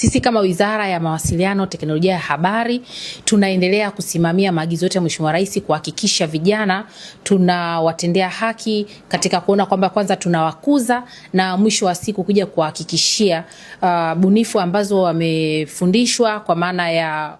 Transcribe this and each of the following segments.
Sisi kama Wizara ya Mawasiliano, Teknolojia ya Habari tunaendelea kusimamia maagizo yote ya Mheshimiwa Rais kuhakikisha vijana tunawatendea haki katika kuona kwamba kwanza tunawakuza na mwisho wa siku kuja kuhakikishia uh, bunifu ambazo wamefundishwa kwa maana ya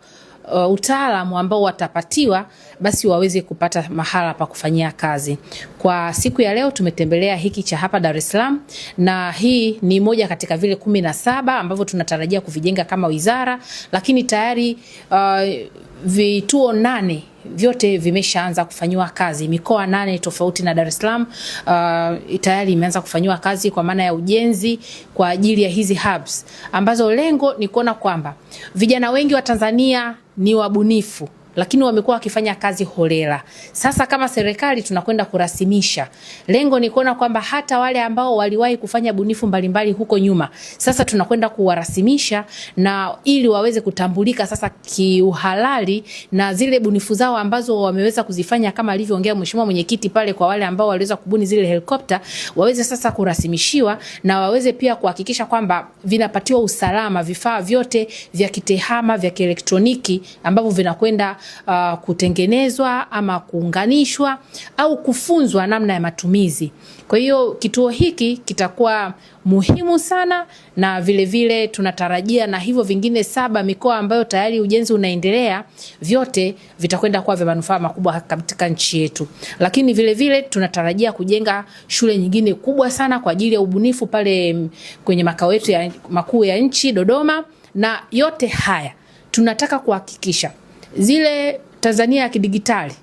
uh, utaalamu ambao watapatiwa basi waweze kupata mahala pa kufanyia kazi. Kwa siku ya leo tumetembelea hiki cha hapa Dar es Salaam, na hii ni moja katika vile kumi na saba ambavyo tunatarajia kuvijenga kama wizara, lakini tayari uh, vituo nane vyote vimeshaanza kufanyiwa kazi mikoa nane tofauti na Dar es Salaam. Uh, tayari imeanza kufanyiwa kazi kwa maana ya ujenzi kwa ajili ya hizi hubs ambazo lengo ni kuona kwamba vijana wengi wa Tanzania ni wabunifu lakini wamekuwa wakifanya kazi holela. Sasa kama serikali tunakwenda kurasimisha, lengo ni kuona kwamba hata wale ambao waliwahi kufanya bunifu mbalimbali huko nyuma, sasa tunakwenda kuwarasimisha na ili waweze kutambulika sasa kiuhalali na zile bunifu zao ambazo wameweza kuzifanya, kama alivyoongea mheshimiwa mwenyekiti pale, kwa wale ambao waliweza kubuni zile helikopta waweze sasa kurasimishiwa na waweze pia kuhakikisha kwamba vinapatiwa usalama vifaa vyote vya kitehama vya kielektroniki ambavyo vinakwenda uh, kutengenezwa ama kuunganishwa au kufunzwa namna ya matumizi. Kwa hiyo kituo hiki kitakuwa muhimu sana na vilevile vile tunatarajia na hivyo vingine saba mikoa ambayo tayari ujenzi unaendelea, vyote vitakwenda kuwa vya manufaa makubwa katika nchi yetu. Lakini vilevile vile, tunatarajia kujenga shule nyingine kubwa sana kwa ajili ya ubunifu pale mm, kwenye makao yetu makuu ya nchi Dodoma, na yote haya tunataka kuhakikisha zile Tanzania ya kidigitali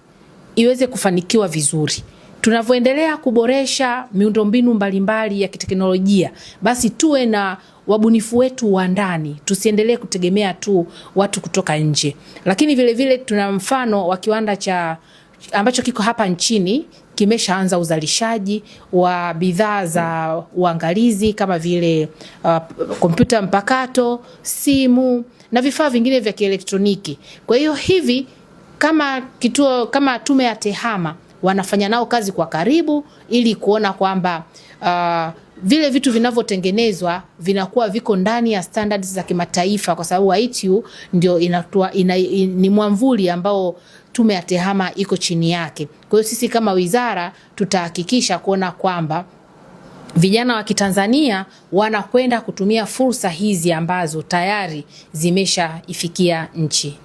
iweze kufanikiwa vizuri tunavyoendelea kuboresha miundombinu mbalimbali ya kiteknolojia, basi tuwe na wabunifu wetu wa ndani, tusiendelee kutegemea tu watu kutoka nje. Lakini vilevile tuna mfano wa kiwanda cha ambacho kiko hapa nchini kimeshaanza uzalishaji wa bidhaa za uangalizi kama vile uh, kompyuta mpakato, simu na vifaa vingine vya kielektroniki. Kwa hiyo hivi kama kituo kama Tume ya TEHAMA wanafanya nao kazi kwa karibu ili kuona kwamba uh, vile vitu vinavyotengenezwa vinakuwa viko ndani ya standards za kimataifa, kwa sababu ITU ndio inatua, ina, in, ni mwamvuli ambao tume ya TEHAMA iko chini yake. Kwa hiyo sisi kama wizara tutahakikisha kuona kwamba vijana wa Kitanzania wanakwenda kutumia fursa hizi ambazo tayari zimeshaifikia nchi.